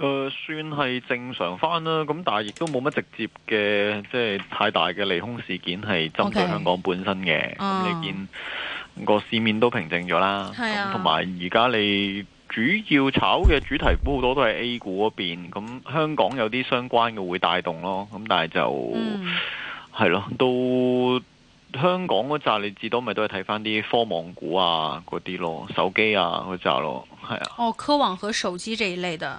誒、呃，算係正常翻啦，咁但係亦都冇乜直接嘅，即係太大嘅利空事件係針對香港本身嘅。咁 Okay .、uh. 咁你見個市面都平靜咗啦，同埋而家你主要炒嘅主題股好多都係 A 股嗰邊，咁香港有啲相關嘅會帶動咯，咁但係就係咯、mm.，到香港嗰扎你至多咪都係睇翻啲科網股啊，嗰啲咯，手機啊嗰扎咯，係啊。哦，oh, 科網和手機這一類的。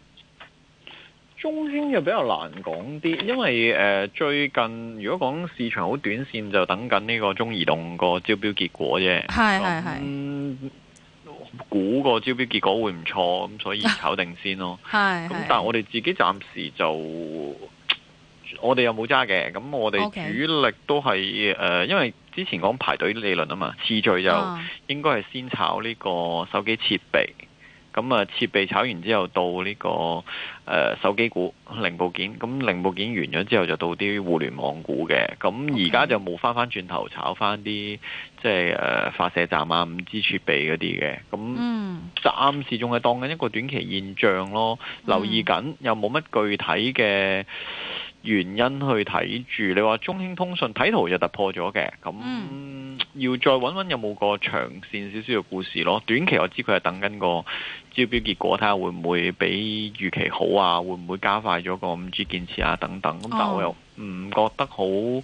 中興就比較難講啲，因為誒、呃、最近如果講市場好短線，就等緊呢個中移動個招標結果啫。係係係。估個係招標結果會唔錯，咁所以炒定先咯。係係。咁但係我哋自己暫時就我哋又冇揸嘅，咁我哋主力都係誒 Okay、呃，因為之前講排隊理論啊嘛，次序就應該係先炒呢個手機設備。咁啊，設備炒完之後到，這個，到呢個誒手機股零部件，咁、嗯、零部件完咗之後，就到啲互聯網股嘅。咁而家就冇翻翻轉頭炒翻啲即係誒發射站啊、五 G 設備嗰啲嘅。咁、嗯嗯、暫時仲係當緊一個短期現象咯，留意緊又冇乜具體嘅。嗯原因去睇住，你話中興通訊睇圖就突破咗嘅，咁、嗯、要再揾揾有冇個長線少少嘅故事咯。短期我知佢係等緊個招標結果，睇下會唔會比預期好啊？會唔會加快咗個五 G 建設啊？等等。咁但我又唔覺得好、哦、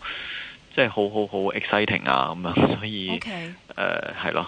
即係好好好 exciting 啊咁樣，所以誒係 Okay.、呃、咯。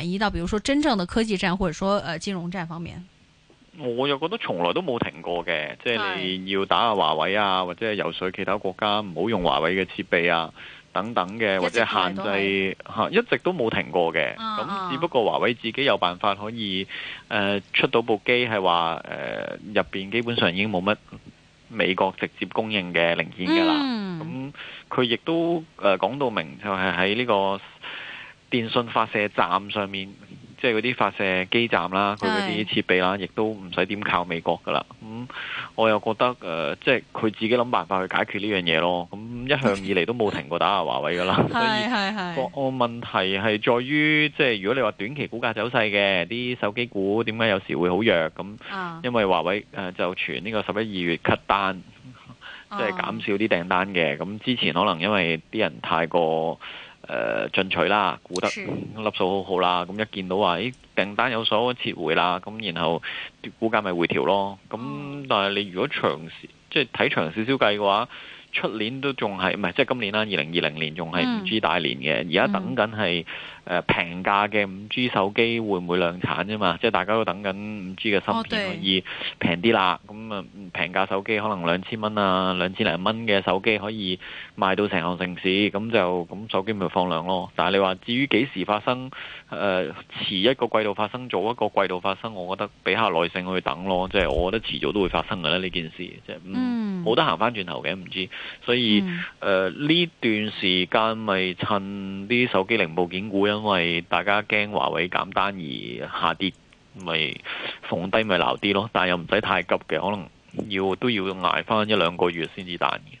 移到，比如說真正的科技戰，或者說，誒、呃，金融戰方面，我又覺得從來都冇停過嘅，即係你要打下華為啊，或者係遊說其他國家唔好用華為嘅設備啊，等等嘅，或者限制吓、啊，一直都冇停過嘅。咁、啊啊、只不過華為自己有辦法可以，誒、呃，出到部機係話，誒、呃，入邊基本上已經冇乜美國直接供應嘅零件噶啦。咁佢亦都誒、呃、講到明就係喺呢個。電信發射站上面，即係嗰啲發射基站啦，佢嗰啲設備啦，亦是都唔使點靠美國噶啦。咁、嗯、我又覺得誒、呃，即係佢自己諗辦法去解決呢樣嘢咯。咁一向以嚟都冇停過打下華為噶啦。係係係個問題係在於，即係如果你話短期股價走勢嘅啲手機股，點解有時會好弱咁？因為華為誒、啊呃、就傳呢個十一二月 cut 單，即係減少啲訂單嘅。咁之前可能因為啲人太過。誒進、呃、取啦，估得粒數好好啦，咁一見到話，誒、欸，訂單有所撤回啦，咁然後股價咪回調咯。咁但係你如果長時即係睇長少少計嘅話。出年都仲係，唔係，即係今年啦？二零二零年仲係 5G 大年嘅。而家、嗯、等緊係誒平價嘅 5G 手機會唔會量產啫嘛？即係大家都等緊 5G 嘅芯片可以平啲啦。咁啊、哦嗯，平價手機可能兩千蚊啊，兩千零蚊嘅手機可以賣到成行成市，咁就咁手機咪放量咯。但係你話至於幾時發生誒遲、呃、一個季度發生，早一個季度發生，我覺得俾下耐性去等咯。即、就、係、是、我覺得遲早都會發生㗎啦呢件事。即係嗯。嗯冇得行返轉頭嘅，唔知，所以呢、嗯呃、段時間咪趁啲手機零部件股，因為大家驚華為減單而下跌，咪逢低咪撈啲咯，但又唔使太急嘅，可能要都要捱返一兩個月先至彈嘅。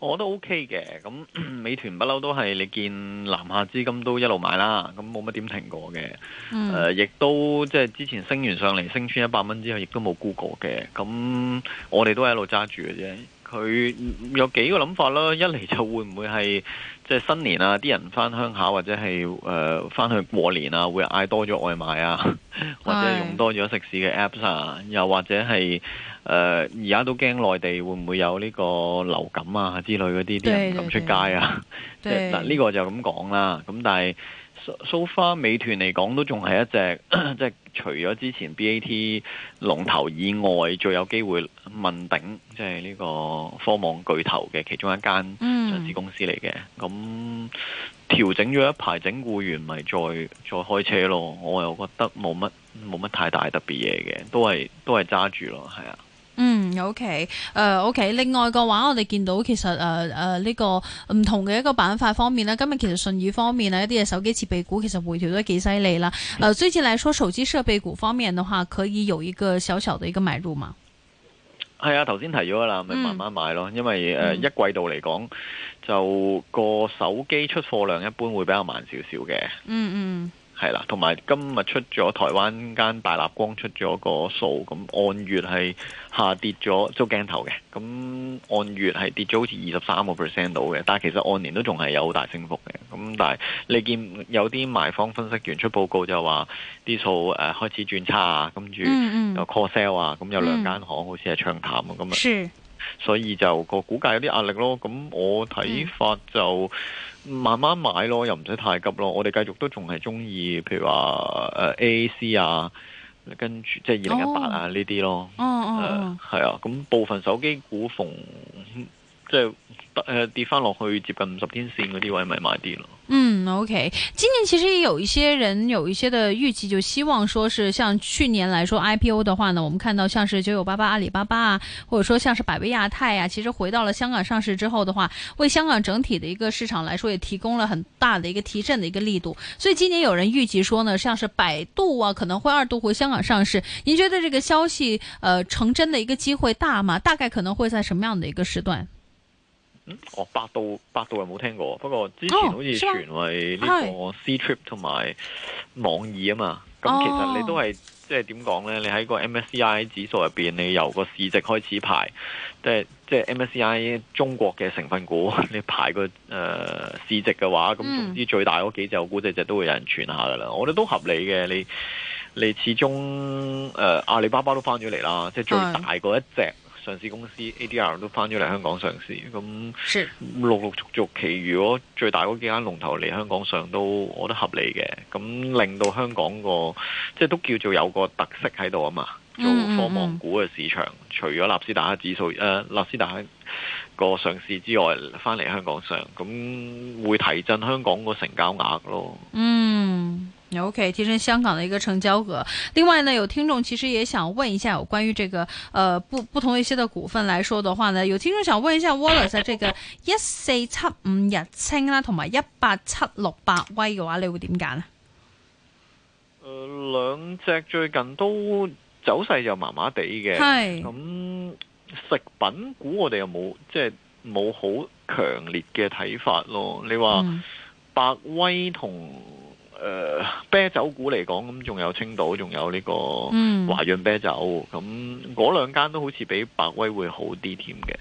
我都 O K 嘅，咁美團不嬲都係你見南下資金都一路買啦，咁冇乜點停過嘅，誒、嗯，亦、呃、都即係之前升完上嚟升穿一百蚊之後，亦都冇沽過嘅，咁我哋都係一路揸住嘅啫。佢有幾個諗法啦，一嚟就會唔會係。即係新年啊！啲人翻鄉下或者係誒翻去過年啊，會嗌多咗外賣啊，或者用多咗食肆嘅 Apps 啊，又或者係誒而家都驚內地會唔會有呢個流感啊之類嗰啲，啲人唔敢出街啊。即係嗱，呢個就咁講啦。咁但係 so far 美團嚟講，都仲係一隻即係。 就是除咗之前 BAT 龍頭以外，最有機會問鼎即係呢個科網巨頭嘅其中一間上市公司嚟嘅，咁、嗯、調整咗一排整固完，咪再再開車咯。我又覺得冇乜冇乜太大特別嘢嘅，都係都係揸住咯，係啊。嗯，OK，誒、呃、OK。另外嘅話，我哋見到其實誒誒呢個唔同嘅一個板塊方面啦。今日其實順義方面咧一啲嘅手機設備股其實回調都幾犀利啦。誒、呃，最近嚟講，手機設備股方面嘅話，可以有一個小小嘅一個買入嘛？係啊，頭先提咗啦，咪、嗯、慢慢買咯。因為誒、呃嗯、一季度嚟講，就個手機出貨量一般會比較慢少少嘅。嗯嗯。係啦，同埋今日出咗台灣間大立光出咗個數，咁按月係下跌咗租鏡頭嘅，咁按月係跌咗好似二十三個 percent 到嘅，但係其實按年都仲係有好大升幅嘅。咁但係你見有啲賣方分析員出報告就話啲數誒開始轉差啊，跟住有 call sale 啊，咁有兩間行好似係唱淡啊，咁啊。嗯嗯所以就個股價有啲壓力咯，咁我睇法就慢慢買咯，又唔使太急咯。我哋繼續都仲係中意，譬如話誒、呃、AAC 啊，跟住即係二零一八啊呢啲，oh. 咯，誒係啊，咁部分手機股逢。即係誒、呃、跌翻落去接近五十天線嗰啲位咪買啲咯。嗯，OK，今年其實也有一些人有一些的預計，就希望說是像去年來說 IPO 的話呢，我們看到像是九九八八阿里巴巴啊，或者說像是百威亞太啊，其實回到了香港上市之後的話，為香港整體的一個市場來說，也提供了很大的一個提振的一個力度。所以今年有人預計說呢，像是百度啊可能會二度回香港上市，您覺得這個消息呃成真的一個機會大嗎？大概可能會在什麼樣的一個時段？哦，百度，百度又冇聽過，不過之前好似傳為呢個 Ctrip 同埋網易啊嘛，咁、哦、其實你都係即係點講呢？你喺個 MSCI 指數入邊，你由個市值開始排，即、就、係、是、即係、就是、MSCI 中國嘅成分股，你排個誒、呃、市值嘅話，咁總之最大嗰幾隻我估隻隻都會有人傳下噶啦，嗯、我覺得都合理嘅，你你始終誒、呃、阿里巴巴都翻咗嚟啦，即係最大嗰一隻。上市公司 A D R 都翻咗嚟香港上市，咁陸陸續續其。其如果最大嗰幾間龍頭嚟香港上都我覺得合理嘅，咁令到香港個即係都叫做有個特色喺度啊嘛，做科網股嘅市場，mm hmm. 除咗納斯達克指數誒納斯達克個上市之外，翻嚟香港上咁會提振香港個成交額咯。嗯、mm。Hmm. O.K. 提升香港的一個成交額。另外呢，有聽眾其實也想問一下，有關於這個，呃，不不同一些的股份來說的話呢，有聽眾想問一下，Wallace，即係一四七五日清啦、啊，同埋一八七六百威嘅話，你會點揀啊？誒、呃，兩隻最近都走勢又麻麻地嘅，咁食品股我哋又冇即係冇好強烈嘅睇法咯。你話百威同？嗯誒、呃、啤酒股嚟講，咁仲有青島仲有呢個華潤啤酒，咁嗰兩間都好似比百威會好啲添嘅。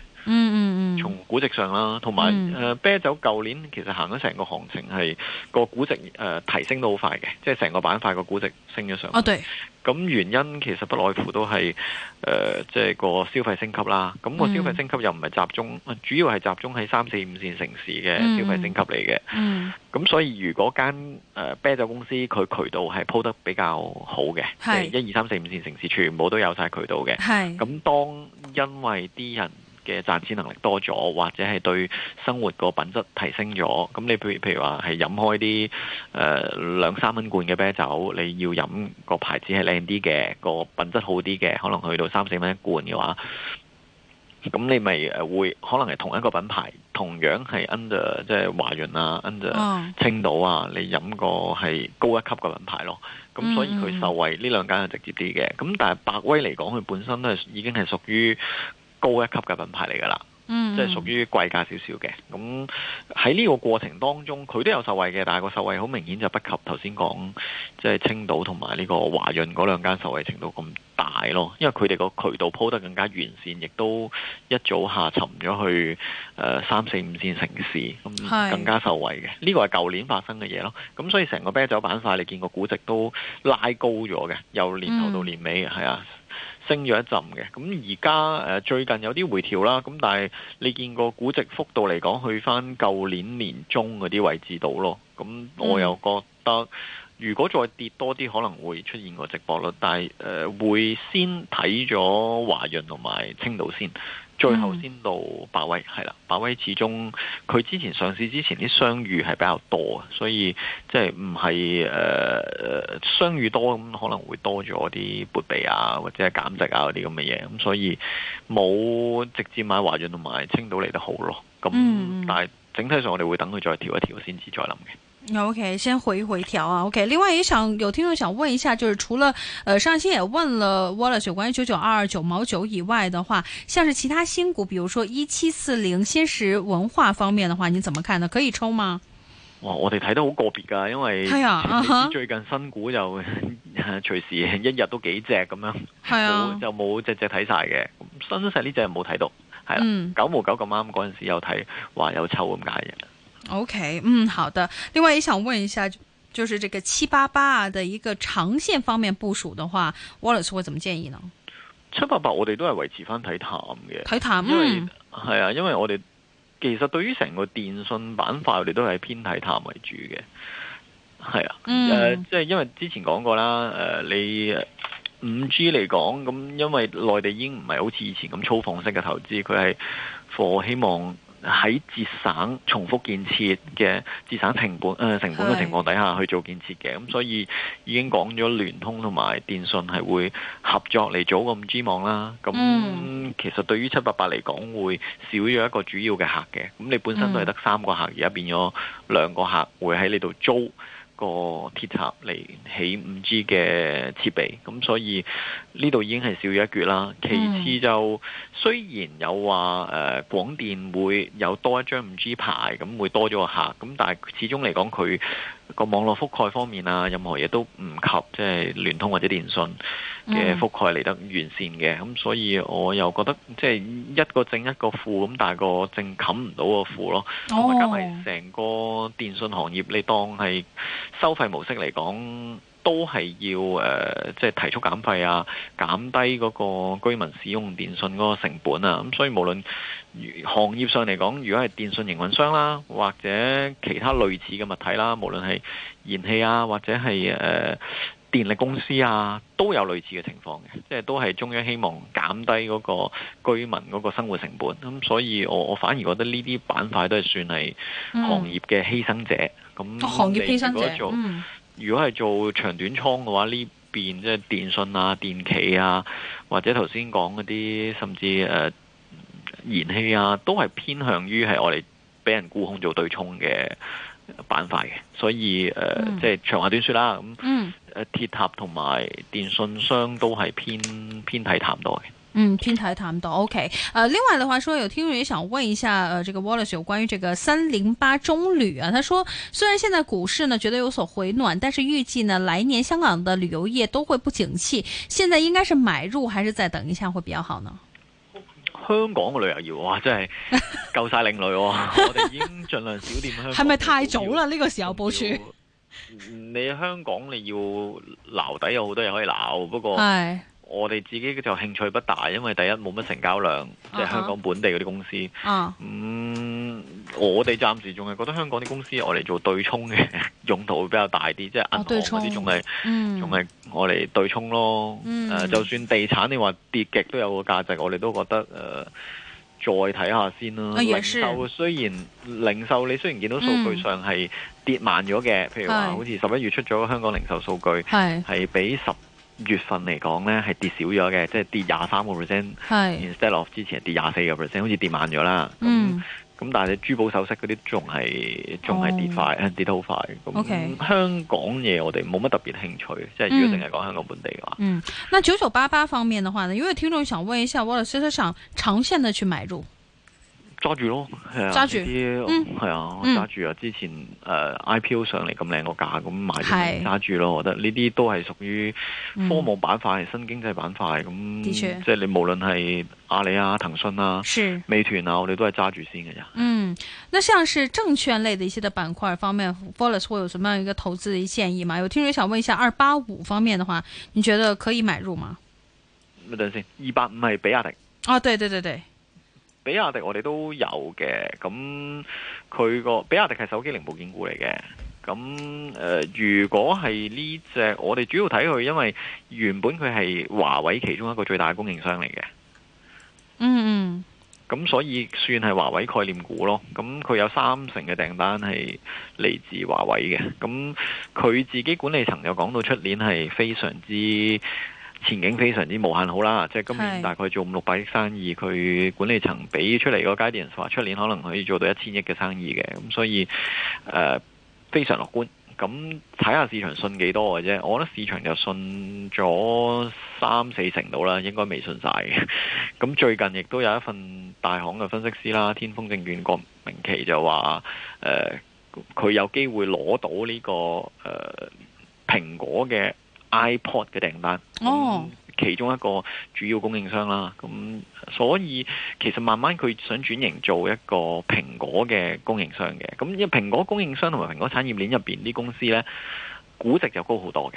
從估值上啦，同埋誒啤酒，舊年其實行咗成個行情係個估值誒、呃、提升都好快嘅，即係成個板塊個估值升咗上去。哦，對。咁原因其實不外乎都係誒、呃，即係個消費升級啦。咁、那個消費升級又唔係集中，嗯、主要係集中喺三四五線城市嘅消費升級嚟嘅、嗯。嗯，咁所以如果間誒、呃、啤酒公司佢渠道係鋪得比較好嘅，係一二三四五線城市全部都有晒渠道嘅。係，咁當因為啲人。嘅賺錢能力多咗，或者係對生活個品質提升咗，咁你譬如譬如話係飲開啲誒兩三蚊罐嘅啤酒，你要飲個牌子係靚啲嘅，個品質好啲嘅，可能去到三四蚊一罐嘅話，咁你咪誒會可能係同一個品牌，同樣係 under 即係華潤啊，under 青島啊，oh.，你飲個係高一級嘅品牌咯，咁所以佢受惠呢兩間係直接啲嘅，咁但係百威嚟講，佢本身都係已經係屬於。高一級嘅品牌嚟噶啦，嗯、即係屬於貴價少少嘅。咁喺呢個過程當中，佢都有受惠嘅，但係個受惠好明顯就不及頭先講，即係青島同埋呢個華潤嗰兩間受惠程度咁大咯。因為佢哋個渠道鋪得更加完善，亦都一早下沉咗去誒、呃、三四五線城市，咁更加受惠嘅。呢個係舊年發生嘅嘢咯。咁所以成個啤酒板塊，你見個估值都拉高咗嘅，由年頭到年尾，係啊、嗯。升咗一陣嘅，咁而家誒最近有啲回調啦，咁但係你見個估值，幅度嚟講去翻舊年年中嗰啲位置度咯，咁我又覺得如果再跌多啲，可能會出現個直播率，但係、呃、會先睇咗華潤同埋青島先。最後先到百威，係啦，百威始終佢之前上市之前啲商譽係比較多啊，所以即係唔係誒商譽多咁可能會多咗啲撥備啊，或者係減值啊嗰啲咁嘅嘢，咁所以冇直接買華潤同埋青島嚟得好咯。咁、嗯、但係整體上我哋會等佢再調一調先至再諗嘅。OK，先回一回調啊。OK，另外也想有聽眾想問一下，就是除了，呃，上期也問了 Wallace 關於九九二二九毛九以外的話，像是其他新股，比如說一七四零新石文化方面的話，你怎麼看呢？可以抽嗎？哇，我哋睇得好個別噶，因為、哎、呀最近新股就隨、uh huh. 時一日都幾隻咁樣，係啊， 就冇隻隻睇晒嘅，新石呢隻冇睇到，係啦、嗯，九毛九咁啱嗰陣時有睇，話有抽咁解嘅。OK，嗯，好的。另外也想問一下，就就是這個七八八的一個長線方面部署的話，Wallace 會怎麼建議呢？七八八我哋都係維持返睇淡嘅，睇淡，嗯、因為係啊，因為我哋其實對於成個電信板塊，我哋都係偏睇淡為主嘅。係啊，誒、嗯，即係、呃、因為之前講過啦，誒、呃，你五 G 嚟講，咁因為內地已經唔係好似以前咁粗放式嘅投資，佢係 for 希望。喺節省重複建設嘅節省成本、呃、成本嘅情況底下去做建設嘅，咁的所以已經講咗聯通同埋電信係會合作嚟組個五 G 網啦。咁、嗯、其實對於七八八嚟講，會少咗一個主要嘅客嘅。咁你本身都係得三個客，而家、嗯、變咗兩個客會喺呢度租。個鐵塔嚟起五 G 嘅設備，咁所以呢度已經係少咗一橛啦。其次就雖然有話誒，廣電會有多一張五 G 牌，咁會多咗個客，咁但係始終嚟講佢。個網絡覆蓋方面啊，任何嘢都唔及即係聯通或者電信嘅覆蓋嚟得完善嘅，咁、嗯、所以我又覺得即係一個正一個負咁，但係個正冚唔到個負咯，同埋梗係成個電信行業，你當係收費模式嚟講。都係要、呃、即是提速減費啊，減低嗰個居民使用電信嗰個成本啊。咁所以無論行業上嚟講，如果係電信營運商啦、啊，或者其他類似嘅物體啦、啊，無論係燃氣啊，或者係誒、呃、電力公司啊，都有類似嘅情況嘅，即係都係中央希望減低嗰個居民嗰個生活成本。咁所以我我反而覺得呢啲板塊都係算係行業嘅犧牲者。咁行業犧牲者做。嗯如果係做長短倉嘅話，呢邊即係電信啊、電企啊，或者頭先講嗰啲，甚至誒、呃、燃氣啊，都係偏向於係我哋俾人沽空做對沖嘅板塊嘅，所以誒，即、呃、係、嗯、長話短説啦，咁誒鐵塔同埋電信商都係偏偏睇淡多嘅。嗯，平台談到 OK。呃另外的話說，說有聽眾也想問一下，呃這個 Wallace 有關於這個三零八中旅啊。他說，雖然現在股市呢覺得有所回暖，但是預計呢來年香港的旅遊業都會不景氣。現在應該是買入還是再等一下會比較好呢？香港嘅旅遊業哇，真係夠晒另類， 我哋已經盡量少掂香。係咪 太早啦？呢表個時候部署？你香港你要撈底有好多嘢可以撈，不過。我哋自己嘅就興趣不大，因為第一冇乜成交量，即、就、係、是、香港本地嗰啲公司。Uh huh. uh huh. 嗯，我哋暫時仲係覺得香港啲公司我嚟做對沖嘅用途會比較大啲，即係銀行嗰啲仲係仲係我嚟對沖來對咯。誒、uh huh. 呃，就算地產你話跌極都有個價值，我哋都覺得誒、呃、再睇下先啦。Uh huh. 零售雖然零售你雖然見到數據上係跌慢咗嘅，uh huh. 譬如話好似十一月出咗香港零售數據，係係、uh huh. 比十。月份嚟講咧，係跌少咗嘅，即係跌廿三個 percent，instead of 之前係跌廿四個 percent，好似跌慢咗啦。咁咁、嗯、但係珠寶首飾嗰啲仲係仲係跌快，哦、跌得好快。咁、嗯、Okay. 香港嘢我哋冇乜特別興趣，即係如果淨係講香港本地嘅話嗯。嗯，那九九八八方面嘅話呢？因為聽眾想問一下，我哋需唔需要長線嘅去買入？揸住咯，係啊，揸住係啊，揸住啊！嗯、之前誒、呃、IPO 上嚟咁靚個價，咁買住揸是住咯。我覺得呢啲都係屬於科網板塊、嗯、新經濟板塊咁，確即係你無論係阿里啊、騰訊啊、是，美團啊，我哋都係揸住先嘅。嗯，那像是證券類的一些的板塊方面，Wallace 會有什麼樣一個投資建議嗎？有聽眾想問一下，二八五方面的話，你覺得可以買入嗎？咪等先，二八五係比亞迪。哦、啊，對對對對。比亞迪我哋都有嘅，咁佢個比亞迪係手機零部件股嚟嘅。咁、呃、如果係呢隻，我哋主要睇佢，因為原本佢係華為其中一個最大嘅供應商嚟嘅，嗯嗯，咁所以算係華為概念股咯，咁佢有三成嘅訂單係嚟自華為嘅，咁佢自己管理層就講到出年係非常之。前景非常之無限好啦，即係今年大概做五六百億生意，佢是管理層俾出嚟個 guidance 話出年可能可以做到一千億嘅生意嘅，咁所以誒、呃、非常樂觀，咁睇下市場信幾多嘅啫，我覺得市場就信咗三四成度啦，應該未信晒，嘅。咁最近亦都有一份大行嘅分析師啦，天風證券郭明琪就話，誒、呃、佢有機會攞到呢、這個誒蘋、呃、果嘅 iPod 嘅訂單，其中一個主要供應商啦，咁所以其實慢慢佢想轉型做一個蘋果嘅供應商嘅，咁因為蘋果供應商同埋蘋果產業鏈入面啲公司呢，估值就高好多嘅，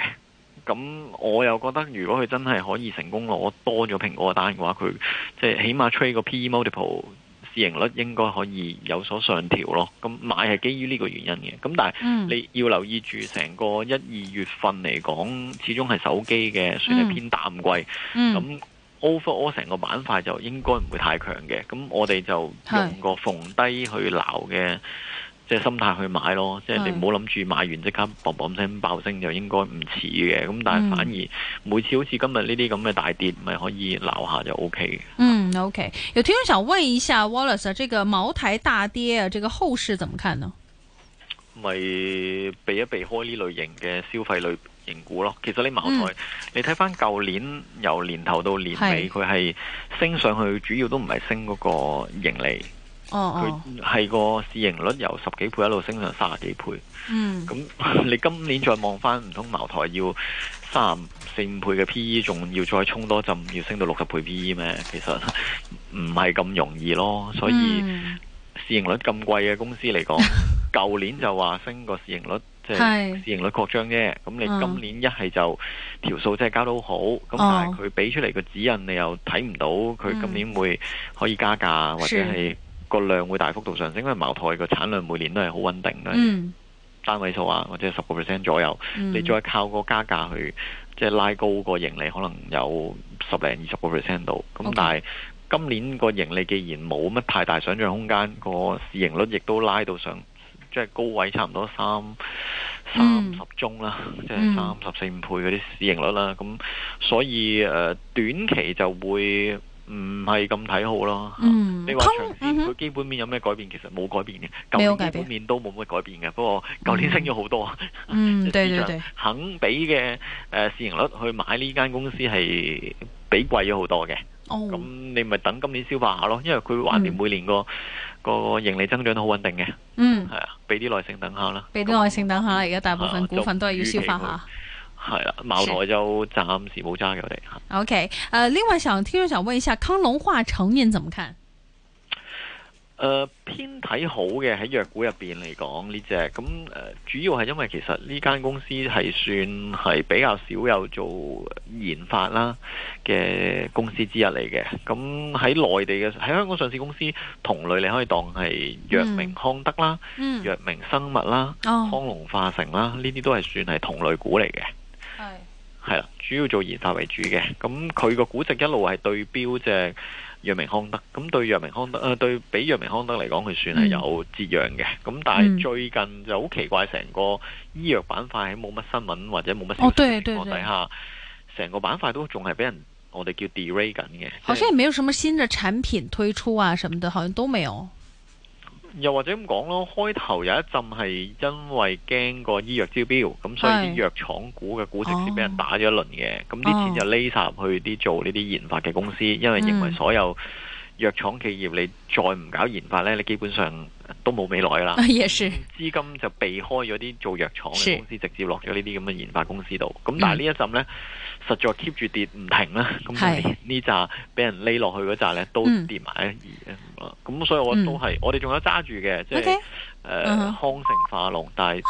咁我又覺得如果佢真係可以成功攞多咗蘋果嘅單嘅話，佢即係起碼 trade 個 P/E multiple。市盈率應該可以有所上調咯，咁買係基於呢個原因嘅。咁但係你要留意住，成個一二月份嚟講，始終係手機嘅算係偏淡季。咁 overall 成個板塊就應該唔會太強嘅。咁我哋就用個逢低去撈嘅。即係心態去買咯，即係你唔好諗住買完即刻嘣嘣聲爆升就應該唔似嘅，咁是但係反而每次好似今日呢啲咁嘅大跌咪可以留下就 O K 嘅。嗯，O、okay、K，有聽眾想問一下 Wallace，這個茅台大跌，啊，這個後市怎麼看呢？咪避一避開呢類型嘅消費類型股咯。其實你茅台，嗯、你睇翻舊年由年頭到年尾，佢係是升上去，主要都唔係升嗰個盈利。佢係、哦哦、個市盈率由十幾倍一路升上三十幾倍、嗯嗯，咁、嗯、你今年再望翻，唔通茅台要三十四五倍嘅 P E，仲要再衝多，陣要升到六十倍 P E 咩？其實唔係咁容易咯，所以市盈率咁貴嘅公司嚟講，舊、嗯、年就話升個市盈率， 即係市盈率擴張啫。咁你今年一係就條數即係加到好，咁但係佢俾出嚟個指引，你又睇唔到佢今年會可以加價或者係。嗯個量會大幅度上升，因為茅台個產量每年都係好穩定，嘅、嗯。單位數啊，或者十個 percent 左右，嗯、你再靠個加價去即係拉高個盈利，可能有十零二十個 percent 度。咁 Okay. 但係今年個盈利既然冇乜太大想象空間，個市盈率亦都拉到上即係高位，差 3,，差唔多三三十中啦，即係三十四五倍嗰啲市盈率啦。咁所以誒短期就會。唔係咁睇好咯。嗯啊、你話長線佢，嗯、哼基本面有咩改變？其實冇改變嘅，舊年基本面都冇乜改變嘅。嗯、不過舊年升咗好多。嗯， 場嗯，對對對，肯俾嘅誒市盈率去買呢間公司係比貴咗好多嘅。哦，咁你咪等今年消化下咯，因為佢歷年每年個，嗯、個盈利增長都好穩定嘅。嗯，係啊，俾啲耐性等下啦。俾啲耐性等下啦，而家，啊、大部分股份都係要消化下。係啦，茅台就暫時冇揸嘅我哋。OK，誒、呃，另外想聽眾想問一下康龍化成，您怎麼看？誒、呃，偏睇好嘅喺藥股入邊嚟講呢隻，咁誒、呃、主要係因為其實呢間公司係算係比較少有做研發啦嘅公司之一嚟嘅。咁喺內地嘅喺香港上市公司同類，你可以當係藥明康德啦、嗯嗯、藥明生物啦、康龍化成啦，呢啲、哦、都係算係同類股嚟嘅。係啦，主要做研發為主嘅，咁佢個估值一路係對標隻藥明康德，咁對藥明康德誒、呃、對比藥明康德嚟講，佢算係有折讓嘅。咁、嗯、但係最近就好奇怪，成個醫藥板塊係冇乜新聞或者冇乜情況底下，成、哦、個板塊都仲係俾人我哋叫 derate 緊嘅。好似也沒有什麼新的產品推出啊，什麼的，好像都沒有。又或者咁講咯，開頭有一陣係因為驚個醫藥招標咁，所以啲藥廠股嘅估值先俾人打咗一輪嘅，咁啲錢就匿曬入去啲做呢啲研發嘅公司，因為認為所有藥廠企業你再唔搞研發呢，你基本上都冇未來啦，資 Yeah, sure. 金就避開咗啲做藥廠嘅公司，Sure. 直接落咗呢啲咁嘅研發公司度。咁、mm. 但係呢一陣呢，實在 keep 住跌唔停啦。咁呢紮俾人匿落去嗰紮呢，都跌埋，咁、mm. 所以我都係，mm. 我哋仲有揸住嘅，即係康城化龍，但係